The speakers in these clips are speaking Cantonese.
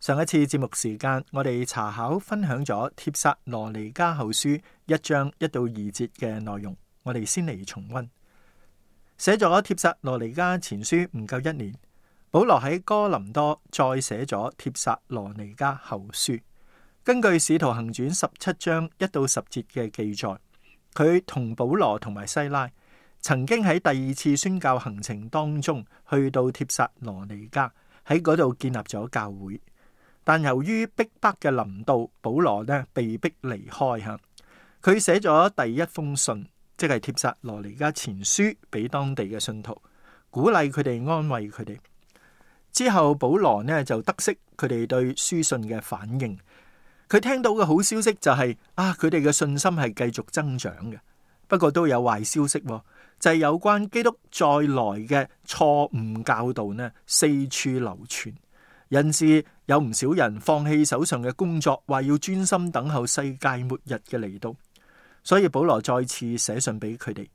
上一次節目時間，我哋查考分享咗帖撒羅尼加後書一章一到二節嘅內容。我哋先嚟重溫寫咗帖撒羅尼加前書唔夠一年，保羅喺哥林多再寫咗帖撒羅尼加後書。根據使徒行傳十七章一到十節嘅記載，佢同保羅同埋西拉曾經喺第二次宣教行程當中去到帖撒羅尼加，喺嗰度建立咗教會。但由於逼迫嘅臨到，保羅呢被逼離開吓，佢寫咗第一封信，即係帖撒羅尼加前書，俾當地嘅信徒，鼓勵佢哋，安慰佢哋。之後保羅呢就得悉佢哋對書信嘅反應，佢聽到嘅好消息就係啊，佢哋嘅信心係繼續增長嘅，不過都有壞消息，就係有關基督再來嘅錯誤教導呢四處流傳。人士有唔少人放棄手上嘅工作，話要專心等候世界末日嘅嚟到，所以保羅再次寫信俾佢哋。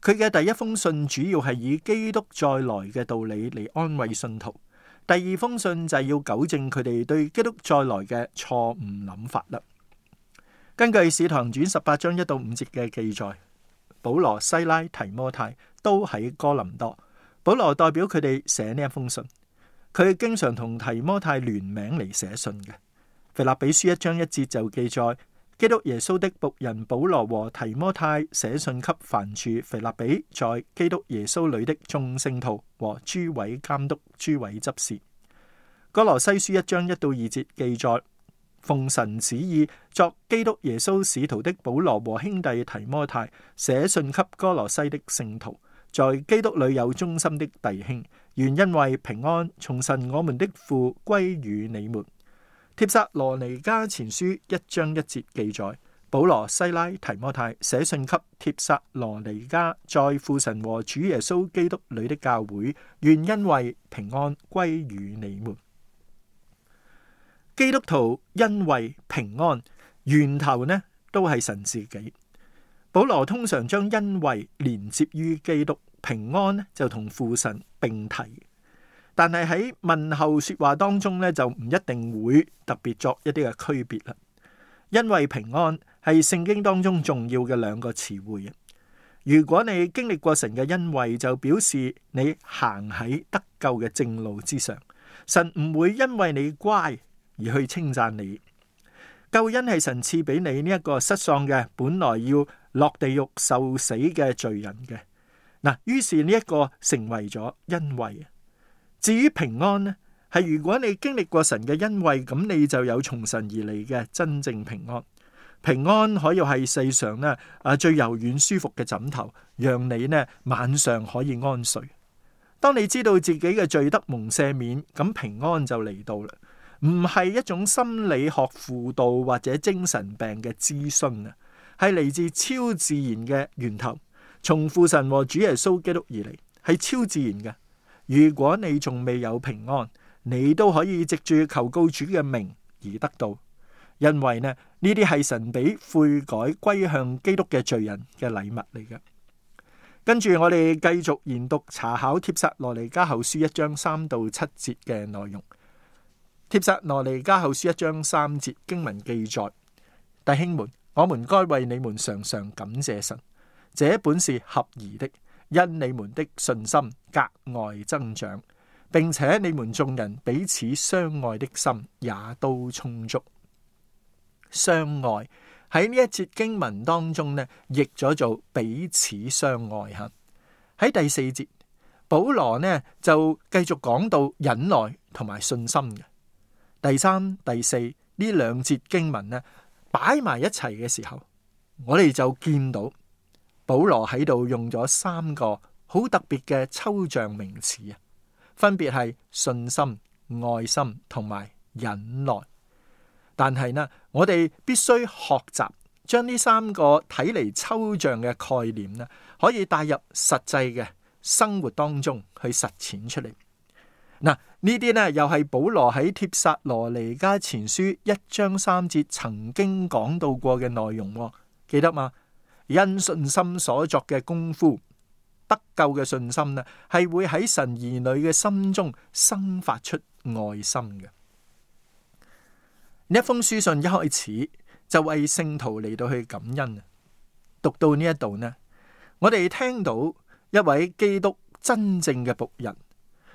佢嘅第一封信主要係以基督再來嘅道理嚟安慰信徒，第二封信就係要糾正佢哋對基督再來嘅錯誤諗法啦。根據《使徒行傳》十八章一到五節嘅記載，保羅、西拉、提摩太都喺哥林多，保羅代表佢哋寫呢一封信。佢經常同提摩太聯名嚟寫信嘅。腓立比書一章一節就記載：基督耶穌的僕人保羅和提摩太寫信給凡住腓立比在基督耶穌裏的眾聖徒和諸位監督、諸位執事。哥羅西書一章一到二節記載：奉神旨意作基督耶穌使徒的保羅和兄弟提摩太寫信給哥羅西的聖徒。在基督裏有忠心的弟兄，願恩惠平安從神我們的父歸與你們。帖撒羅尼迦前書一章一節記載，保羅西拉提摩太寫信給帖撒羅尼迦在父神和主耶穌基督裏的教會，願恩惠平安歸與你們。基督徒恩惠平安源頭呢，都係神自己。保羅通常將恩惠連接於基督。平安就同父神並提，但係喺問候說話當中咧，就唔一定會特別作一啲嘅區別啦。因為平安係聖經當中重要嘅兩個詞彙。如果你經歷過神嘅恩惠，就表示你行喺得救嘅正路之上。神唔會因為你乖而去稱讚你。救恩係神賜俾你呢一個失喪嘅，本來要落地獄受死嘅罪人嘅。嗱，於是呢一個成為咗恩惠。至於平安呢，係如果你經歷過神嘅恩惠，咁你就有從神而嚟嘅真正平安。平安可以係世上呢，啊最柔軟舒服嘅枕頭，讓你呢，晚上可以安睡。當你知道自己嘅罪得蒙赦免，咁平安就嚟到啦。唔係一種心理學輔導或者精神病嘅諮詢啊，係嚟自超自然嘅源頭。從父神和主耶穌基督而嚟，係超自然嘅。如果你仲未有平安，你都可以藉住求告主嘅名而得到，因為呢呢啲係神俾悔改歸向基督嘅罪人嘅禮物嚟嘅。跟住我哋繼續研讀查考帖撒羅尼迦後書一章三到七節嘅內容。帖撒羅尼迦後書一章三節經文記載：弟兄們，我們該為你們常常感謝神。這本是合宜的，因你們的信心格外增長，並且你們眾人彼此相愛的心也都充足。相愛喺呢一節經文當中呢，譯咗做彼此相愛。吓喺第四節，保羅呢就繼續講到忍耐同埋信心嘅第三、第四呢兩節經文呢，擺埋一齊嘅時候，我哋就見到。保羅喺度用咗三個好特別嘅抽象名詞啊，分別係信心、愛心同埋忍耐。但係呢，我哋必須學習將呢三個睇嚟抽象嘅概念呢，可以帶入實際嘅生活當中去實踐出嚟。嗱，呢啲呢又係保羅喺帖撒羅尼迦前書一章三節曾經講到過嘅內容，記得嗎？因信心所作嘅功夫，得救嘅信心呢，係會喺神兒女嘅心中生發出愛心嘅。呢一封書信一開始就為聖徒嚟到去感恩啊！讀到呢一度呢，我哋聽到一位基督真正嘅僕人，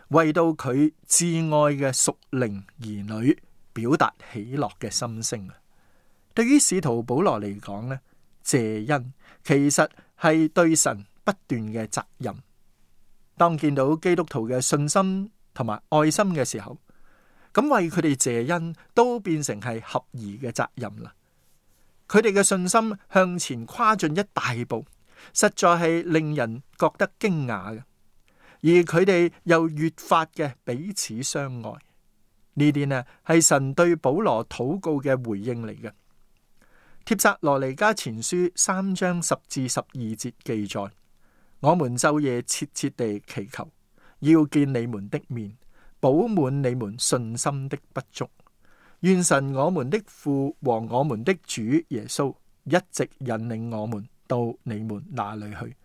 為到佢摯愛嘅屬靈兒女表達喜樂嘅心聲啊！對於使徒保羅嚟講呢，謝恩其實係對神不斷嘅責任。當見到基督徒嘅信心同埋愛心嘅時候，咁為佢哋謝恩都變成係合宜嘅責任啦。佢哋嘅信心向前跨進一大步，實在係令人覺得驚訝嘅。而佢哋又越發嘅彼此相愛，呢啲呢係神對保羅禱告嘅回應嚟嘅。帖撒羅尼迦前書三章十至十二節記載：我們晝夜切切地祈求，要見你們的面，補滿你們信心的不足。願神我們的父和我們的主耶穌一直引領我們到你們那裏去。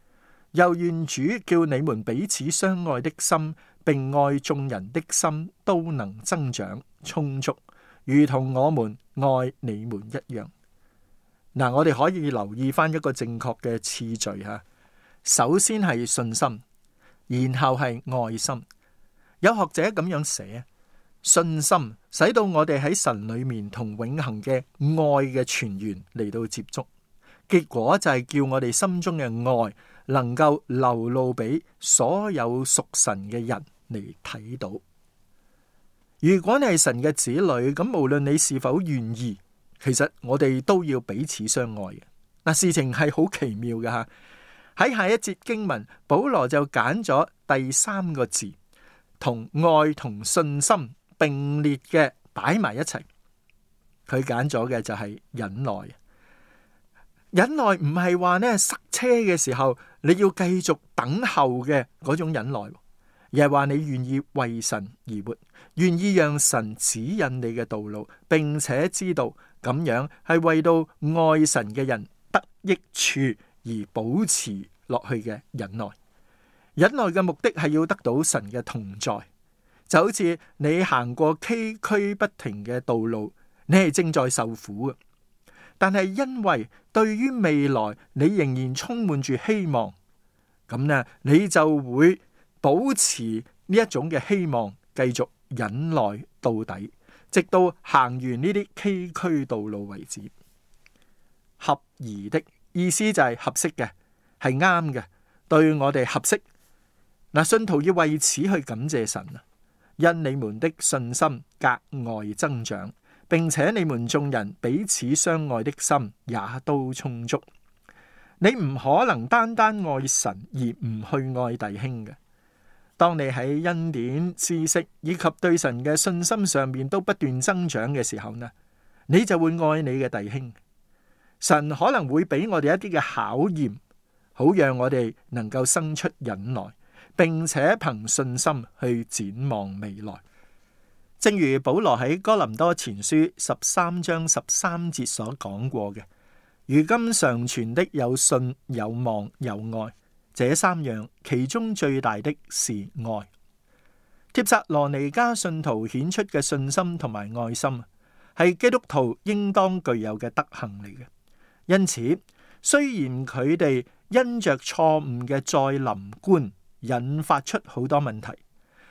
又願主叫你們彼此相愛的心，並愛眾人的心都能增長充足，如同我們愛你們一樣。嗱，我哋可以留意翻一個正確嘅次序吓。首先係信心，然後係愛心。有學者咁樣寫，信心使到我哋喺神裏面同永恆嘅愛嘅泉源嚟到接觸，結果就係叫我哋心中嘅愛能夠流露俾所有屬神嘅人嚟睇到。如果你係神嘅子女，咁無論你是否願意。其實我哋都要彼此相愛嘅嗱。事情係好奇妙嘅吓。喺下一節經文，保羅就揀咗第三個字同愛同信心並列嘅擺埋一齊。佢揀咗嘅就係忍耐。忍耐唔係話呢，塞車嘅時候你要繼續等候嘅嗰種忍耐。又話你願意為神而活，願意讓神指引你嘅道路，並且知道咁樣係為到愛神嘅人得益處而保持落去嘅忍耐。忍耐嘅目的係要得到神嘅同在，就好似你行過崎嶇不停嘅道路，你係正在受苦嘅，但係因為對於未來你仍然充滿住希望，咁呢你就會。保持呢一種嘅希望，繼續忍耐到底，直到行完呢啲崎嶇道路為止。合宜的意思就係合適嘅，係啱嘅，對我哋合適。嗱，信徒要為此去感謝神啊！因你們的信心格外增長，並且你們眾人彼此相愛的心也都充足。你唔可能單單愛神而唔去愛弟兄嘅。當你喺恩典、知識以及對神嘅信心上面都不斷增長嘅時候呢，你就會愛你嘅弟兄。神可能會俾我哋一啲嘅考驗，好讓我哋能夠生出忍耐，並且憑信心去展望未來。正如保羅喺哥林多前書十三章十三節所講過嘅：如今常存的有信、有望、有愛。這三樣，其中最大的是愛。帖撒羅尼迦信徒顯出嘅信心同埋愛心，係基督徒應當具有嘅德行嚟嘅。因此，雖然佢哋因着錯誤嘅再臨觀引發出好多問題，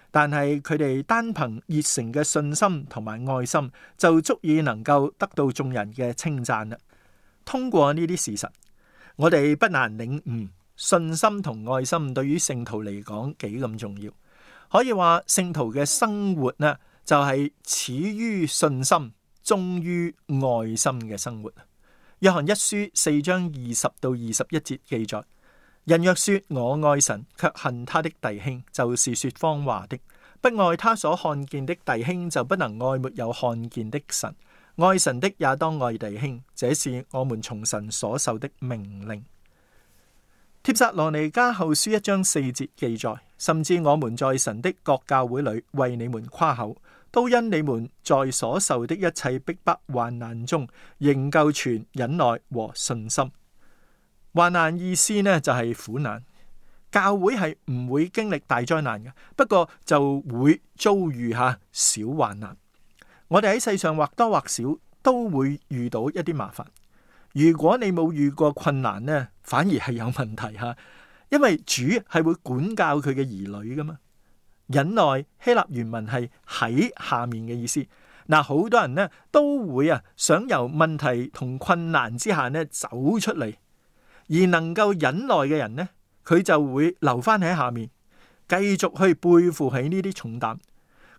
但係佢哋單憑熱誠嘅信心同埋愛心，就足以能夠得到眾人嘅稱讚啦。通過呢啲事實，我哋不難領悟。信心同愛心對於聖徒嚟講幾咁重要，可以話聖徒嘅生活呢就係、是、始於信心，終於愛心嘅生活。約翰一書四章二十到二十一節記載：人若說我愛神，却恨他的弟兄，就是說謊話的；不愛他所看見的弟兄，就不能愛沒有看見的神。愛神的也當愛弟兄，這是我們從神所受的命令。帖撒羅尼加後書一章四節記載，甚至我們在神的各教會裏為你們誇口，都因你們在所受的一切逼迫患難中，仍舊存忍耐和信心。患難意思呢就係、是、苦難，教會係唔會經歷大災難嘅，不過就會遭遇下小患難。我哋喺世上或多或少都會遇到一啲麻煩。如果你冇遇過困難呢，反而係有問題吓，因為主係會管教佢嘅兒女噶嘛。忍耐，希臘原文係喺下面嘅意思。嗱，好多人呢都會啊，想由問題同困難之下呢走出嚟，而能夠忍耐嘅人呢，佢就會留翻喺下面，繼續去背負起呢啲重擔。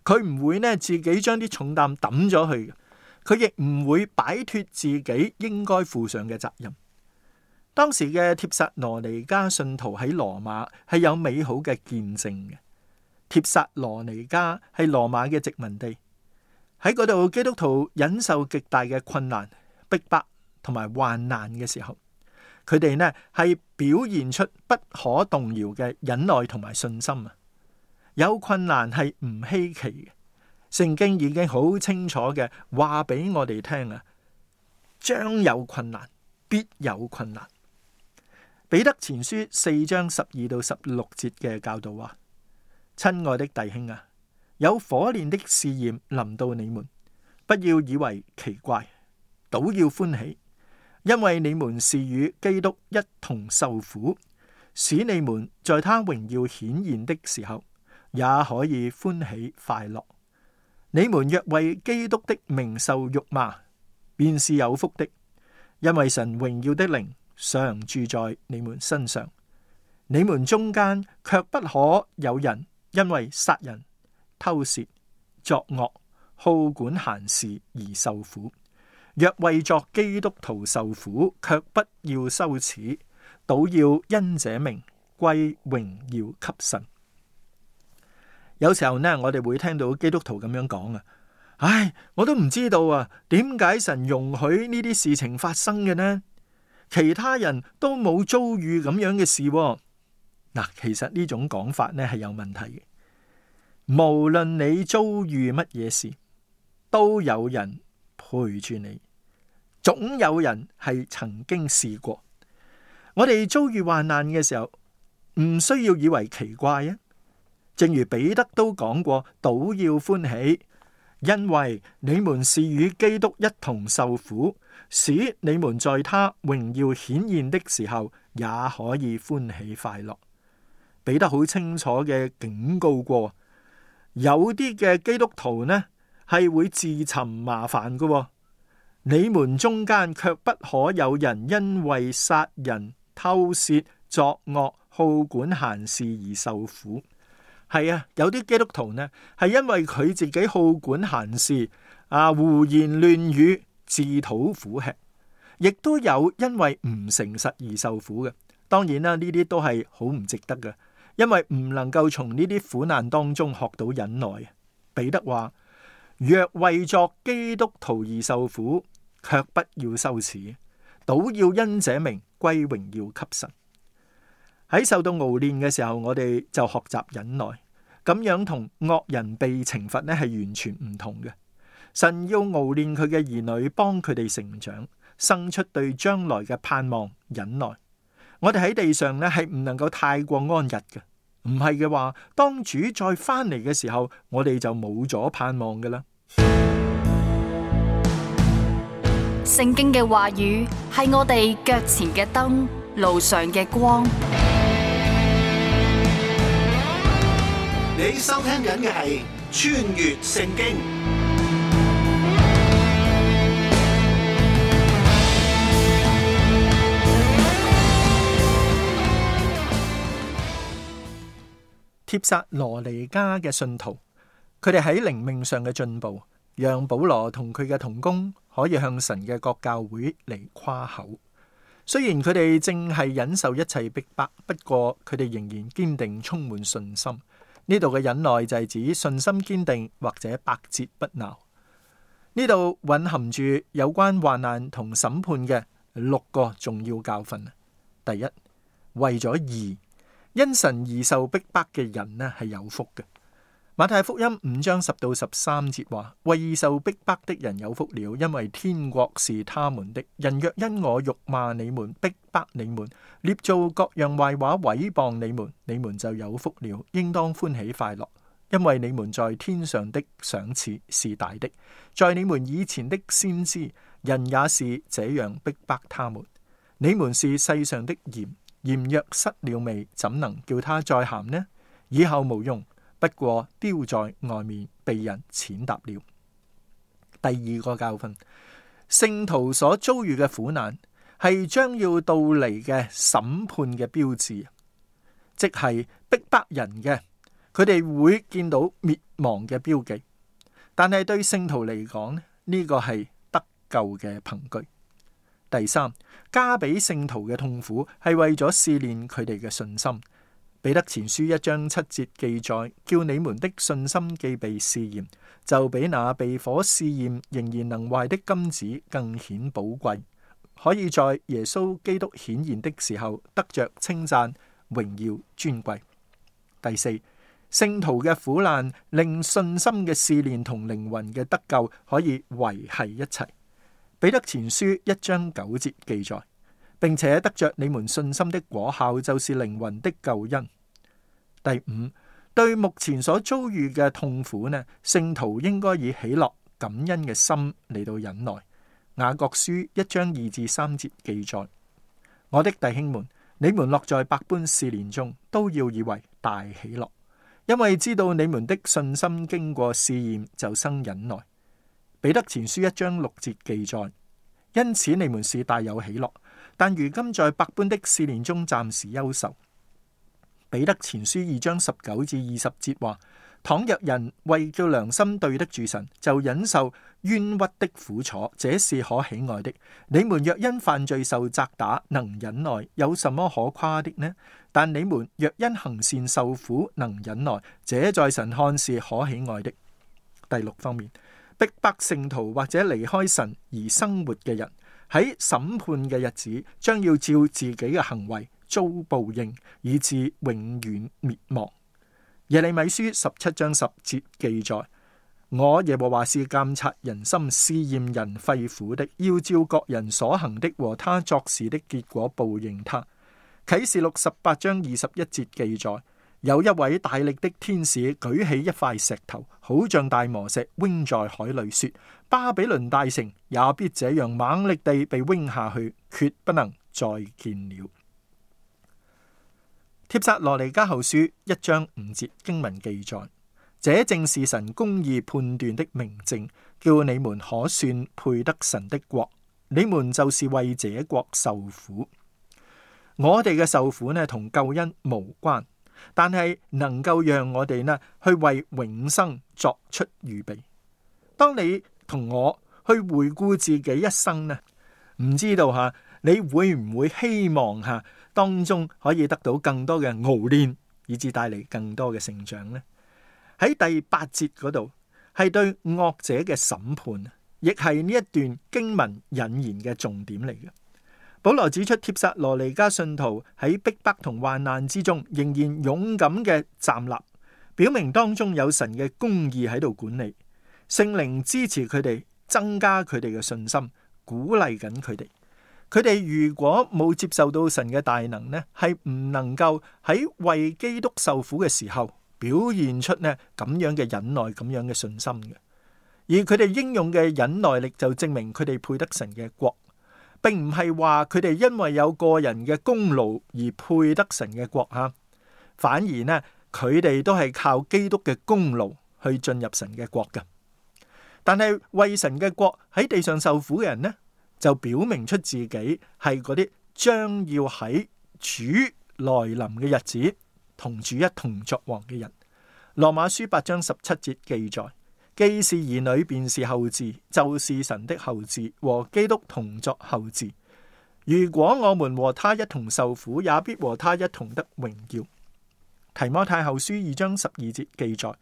佢唔會呢，自己將啲重擔抌咗去。佢亦唔會擺脫自己應該負上嘅責任。當時嘅帖撒羅尼迦信徒喺羅馬係有美好嘅見證嘅。帖撒羅尼迦係羅馬嘅殖民地，喺嗰度基督徒忍受極大嘅困難、逼迫同埋患難嘅時候，佢哋呢係表現出不可動搖嘅忍耐同埋信心啊！有困難係唔稀奇嘅。聖經已經好清楚嘅話俾我哋聽啊，將有困難，必有困難。彼得前書四章十二到十六節嘅教導話：親愛的弟兄啊，有火煉的試驗臨到你們，不要以為奇怪，倒要歡喜，因為你們是與基督一同受苦，使你們在他榮耀顯現的時候，也可以歡喜快樂。你們若為基督的名受辱罵，便是有福的，因為神榮耀的靈常住在你們身上。你們中間卻不可有人因為殺人、偷竊、作惡、好管閒事而受苦。若為作基督徒受苦，卻不要羞恥，倒要因這名歸榮耀給神。有時候呢，我哋會聽到基督徒咁樣講啊，唉，我都唔知道啊，點解神容許呢啲事情發生嘅呢？其他人都冇遭遇咁樣嘅事喎，嗱，其實呢種講法呢係有問題嘅。無論你遭遇乜嘢事，都有人陪住你，總有人係曾經試過。我哋遭遇患難嘅時候，唔需要以為奇怪啊。正如彼得都講過，倒要歡喜，因為你們是與基督一同受苦，使你們在他榮耀顯現的時候也可以歡喜快樂。彼得好清楚嘅，警告過，有啲嘅基督徒呢係會自尋麻煩㗎。你們中間卻不可有人因為殺人、偷竊、作惡、好管閒事而受苦。係啊，有啲基督徒呢，係因為佢自己好管閒事啊，胡言亂語，自討苦吃，亦都有因為唔誠實而受苦嘅。當然啦，呢啲都係好唔值得嘅，因為唔能夠從呢啲苦難當中學到忍耐。彼得話：若為作基督徒而受苦，卻不要羞恥，倒要因這名歸榮耀給神。喺受到熬煉嘅時候，我哋就學習忍耐，咁樣同惡人被懲罰呢係完全唔同嘅。神要熬煉佢嘅兒女，幫佢哋成長，生出對將來嘅盼望。忍耐，我哋喺地上呢係唔能夠太過安逸嘅，唔係嘅話，當主再返嚟嘅時候，我哋就冇咗盼望㗎喇。聖經嘅話語係我哋腳前嘅燈，路上嘅光。你收聽緊嘅係《穿越聖經》，帖撒羅尼加嘅信徒，佢哋喺靈命上嘅進步，讓保羅同佢嘅同工可以向神嘅各教會嚟誇口。雖然佢哋正係忍受一切逼迫，不過佢哋仍然堅定，充滿信心。呢度嘅忍耐就係指信心堅定或者百折不撓。呢度蘊含住有關患難同審判嘅六個重要教訓。第一，為咗義，因神而受逼迫嘅人呢係有福嘅。馬太福音五章十到十三節話：為受逼迫的人有福了，因為天國是他們的。人若因我辱罵你們、逼迫你們、捏造各樣壞話毀謗你們，你們就有福了，應當歡喜快樂，因為你們在天上的賞賜是大的。在你們以前的先知，人也是這樣逼迫他們。你們是世上的鹽，鹽若失了味，怎能叫他再鹹呢？以後無用。不過丟在外面，被人踐踏了。第二個教訓，聖徒所遭遇嘅苦難係將要到嚟嘅審判嘅標誌，即係逼迫人嘅，佢哋會見到滅亡嘅標記。但係對聖徒嚟講呢，呢個係得救嘅憑據。第三，加俾聖徒嘅痛苦係為咗試煉佢哋嘅信心。彼得前書一章七節記載，叫你們的信心既被試驗，就比那被火試驗仍然能壞的金子更顯寶貴，可以在耶穌基督顯現的時候得着稱讚、榮耀、尊貴。第四，聖徒嘅苦難令信心嘅試煉同靈魂嘅得救可以維繫一齊。彼得前書一章九節記載，並且得著你們信心的果效，就是靈魂的救恩。第五，對目前所遭遇嘅痛苦呢，聖徒應該以喜樂感恩嘅心嚟到忍耐。雅各書一章二至三節記載：我的弟兄們，你們落在百般試煉中，都要以為大喜樂，因為知道你們的信心經過試驗，就生忍耐。彼得前書一章六節記載：因此你們是大有喜樂，但如今在百般的試煉中，暫時憂愁。彼得前書二章十九至二十節話：倘若人為叫良心對得住神，就忍受冤屈的苦楚，這是可喜愛的。你們若因犯罪受責打，能忍耐，有什麼可誇的呢？但你們若因行善受苦，能忍耐，這在神看是可喜愛的。第六方面，逼迫聖徒或者離開神而生活嘅人，喺審判嘅日子，將要照自己嘅行為。遭報應，以致永遠滅亡。耶利米書十七章十節記載：我耶和華是監察人心、試驗人肺腑的，要照各人所行的和他作事的結果報應他。啟示錄十八章二十一節記載：有一位大力的天使舉起一塊石頭，好像大磨石，扔在海裏，說：巴比倫大城也必這樣猛力地被扔下去，決不能再建再見了。帖撒羅尼迦後書一章五節經文記載，這正是神公義判斷的明證，叫你們可算配得神的國。你們就是為這國受苦。我哋嘅受苦呢，同救恩無關，但係能夠讓我哋呢去為永生作出預備。當你同我去回顧自己一生呢，唔知道吓、啊、你會唔會希望吓、啊？當中可以得到更多嘅熬煉，以致帶嚟更多嘅成長呢。喺第八節嗰度係對惡者嘅審判，亦係呢一段經文引言嘅重點嚟嘅。保羅指出，帖撒羅尼迦信徒喺逼迫同患難之中仍然勇敢嘅站立，表明當中有神嘅公義喺度管理，聖靈支持佢哋，增加佢哋嘅信心，鼓勵緊佢哋。佢哋如果冇接受到神嘅大能呢，係唔能夠喺為基督受苦嘅時候表現出呢咁樣嘅忍耐，咁樣嘅信心嘅。而佢哋應用嘅忍耐力就證明佢哋配得神嘅國，並唔係話佢哋因為有個人嘅功勞而配得神嘅國吓。反而呢，佢哋都係靠基督嘅功勞去進入神嘅國嘅。但係為神嘅國喺地上受苦嘅人呢，就表明出自己係嗰啲將要喺主來臨嘅日子同主一同作王嘅人。羅馬書八章十七節記載：既是兒女，便是後嗣，就是神的後嗣，和基督同作後嗣。如果我們和他一同受苦，也必和他一同得榮耀。提摩太後書二章十二節記載：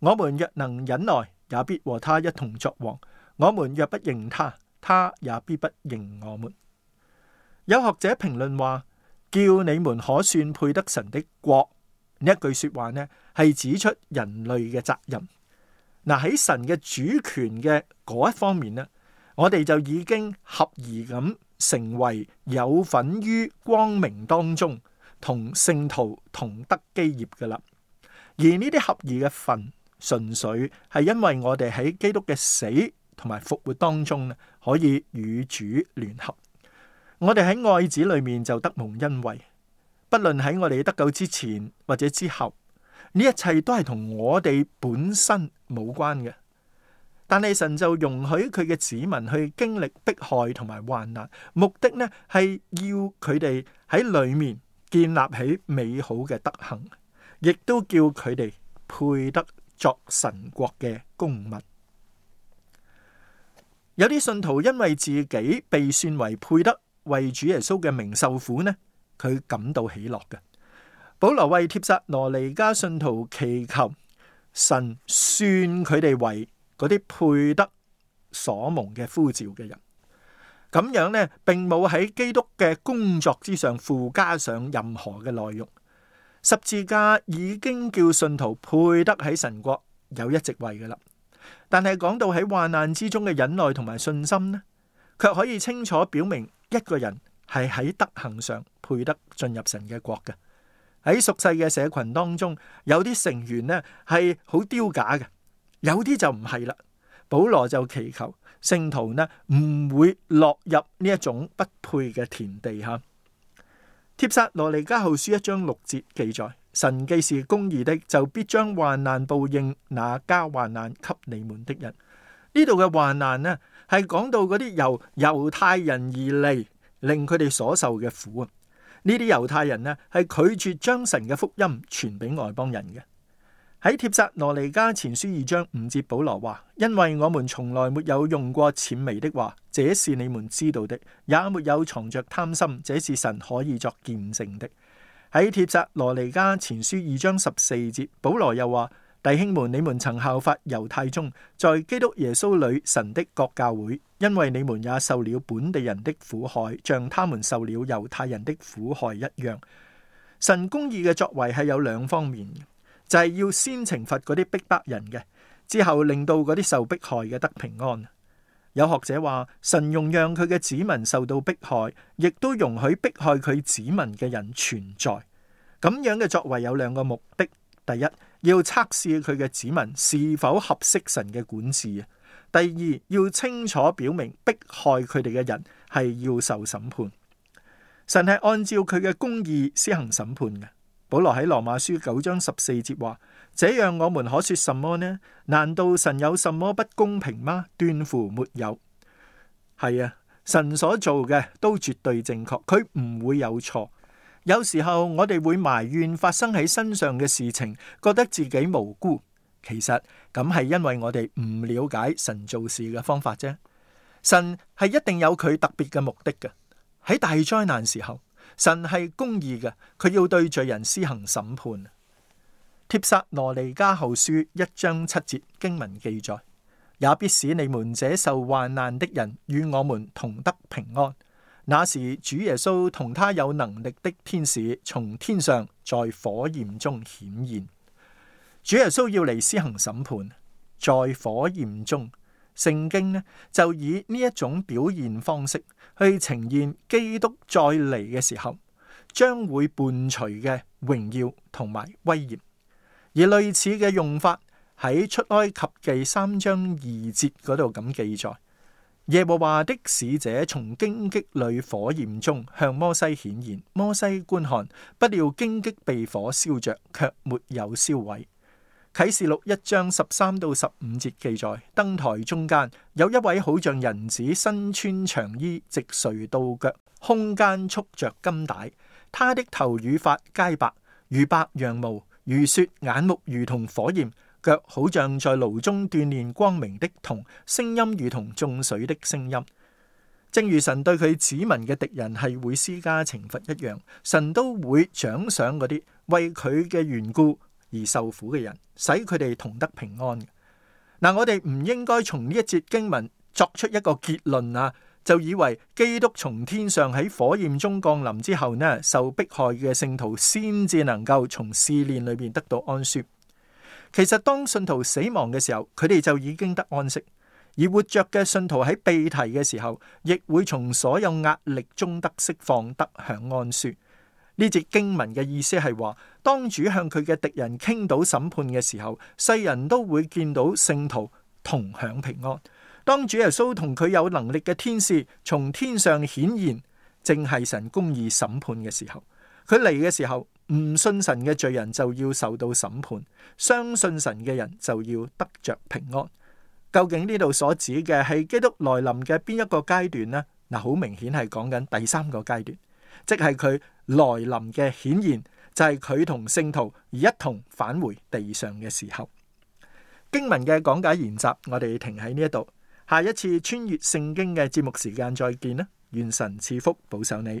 我們若能忍耐，也必和他一同作王。我們若不認他。他也必不認我們。有學者評論話：叫你們可算配得神的國。呢一句說話呢，係指出人類嘅責任。嗱，喺神嘅主權嘅嗰一方面呢，我哋就已經合宜咁成為有份於光明當中，同聖徒同得基業嘅啦。而呢啲合宜嘅份，純粹係因為我哋喺基督嘅死。同埋復活當中呢，可以與主聯合。我哋喺愛子裏面就得蒙恩惠，不論喺我哋得救之前或者之後，呢一切都係同我哋本身冇關嘅。但係神就容許佢嘅子民去經歷迫害同埋患難，目的呢係要佢哋喺裏面建立起美好嘅德行，亦都叫佢哋配得作神國嘅公民。有啲信徒因為自己被算為配得為主耶穌嘅名受苦呢，佢感到喜樂嘅。保羅為帖撒羅尼迦信徒祈求，神算佢哋為嗰啲配得所蒙嘅呼召嘅人。咁樣呢，並冇喺基督嘅工作之上附加上任何嘅內容。十字架已經叫信徒配得喺神國有一席位噶啦。但係講到喺患難之中嘅忍耐同埋信心呢，卻可以清楚表明一個人係喺德行上配得進入神嘅國嘅。喺屬世嘅社群當中，有啲成員呢係好丟架嘅，有啲就唔係啦。保羅就祈求聖徒呢唔會落入呢一種不配嘅田地吓。帖撒羅尼迦後書一章六節記載。神既是公義的，就必將患難報應那加患難給你們的人。呢度嘅患難呢，係講到嗰啲由猶太人而嚟，令佢哋所受嘅苦啊。呢啲猶太人呢，係拒絕將神嘅福音傳俾外邦人嘅。喺帖撒羅尼迦前書二章五節，節保羅話：因為我們從來沒有用過諂媚的話，這是你們知道的，也沒有藏着貪心，這是神可以作見證的。喺帖撒羅尼迦前書二章十四節，保羅又話：弟兄們，你們曾效法猶太宗，在基督耶穌裏神的國教會，因為你們也受了本地人的苦害，像他們受了猶太人的苦害一樣。神公義嘅作為係有兩方面，就係、是、要先懲罰嗰啲逼迫人嘅，之後令到嗰啲受迫害嘅得平安。有學者話，神容讓佢嘅子民受到迫害，亦都容許迫害佢子民嘅人存在。咁樣嘅作為有兩個目的：第一，要測試佢嘅子民是否合適神嘅管治；第二，要清楚表明迫害佢哋嘅人係要受審判。神係按照佢嘅公義施行審判嘅。保羅喺羅馬書九章十四節話：這樣我們可說什麼呢？難道神有什麼不公平嗎？斷乎沒有。係啊，神所做嘅都絕對正確，佢唔會有錯。有時候我哋會埋怨發生喺身上嘅事情，覺得自己無辜。其實咁係因為我哋唔了解神做事嘅方法啫。神係一定有佢特別嘅目的嘅。喺大災難時候。神係公義嘅，佢要對罪人施行審判。帖撒羅尼迦後書一章七節經文記載，也必使你們這受患難的人與我們同得平安。那時主耶穌同他有能力的天使從天上在火焰中顯現。主耶穌要嚟施行審判，在火焰中。聖經呢就以呢一種表現方式去呈現基督再嚟嘅時候將會伴隨嘅榮耀同埋威嚴，而類似嘅用法喺出埃及記三章二節嗰度咁記載：耶和華的使者從荊棘裏火焰中向摩西顯現，摩西觀看，不料荊棘被火燒着，卻沒有燒毀。啟示錄一章十三到十五節記載，燈臺中間有一位好像人子，身穿長衣，直垂到腳，胸間束着金帶。他的頭與髮皆白，如白羊毛，如雪。眼目如同火焰，腳好像在爐中鍛煉光明的銅，聲音如同眾水的聲音。正如神對佢子民嘅敵人係會施加懲罰一樣，神都會獎賞嗰啲為佢嘅緣故，而受苦嘅人，使佢哋同得平安。嗱、啊，我哋唔應該從呢一節經文作出一個結論啊，就以為基督從天上喺火焰中降臨之後呢，受迫害嘅信徒先至能夠從試煉裏邊得到安息。其實當信徒死亡嘅時候，佢哋就已經得安息；而活着嘅信徒喺被提嘅時候，亦會從所有壓力中得釋放得，得享安舒。呢節經文嘅意思係話，當主向佢嘅敵人傾倒審判嘅時候，世人都會見到聖徒同享平安。當主耶穌同佢有能力嘅天使從天上顯現，正係神公義審判嘅時候，佢嚟嘅時候，唔信神嘅罪人就要受到審判，相信神嘅人就要得着平安。究竟呢度所指嘅係基督來臨嘅邊一個階段呢？嗱，好明顯係講緊第三個階段。即係佢來臨嘅顯現，就係佢同聖徒一同返回地上嘅時候。經文嘅講解研習，我哋停喺呢一度。下一次穿越聖經嘅節目時間再見啦！願神賜福保守你。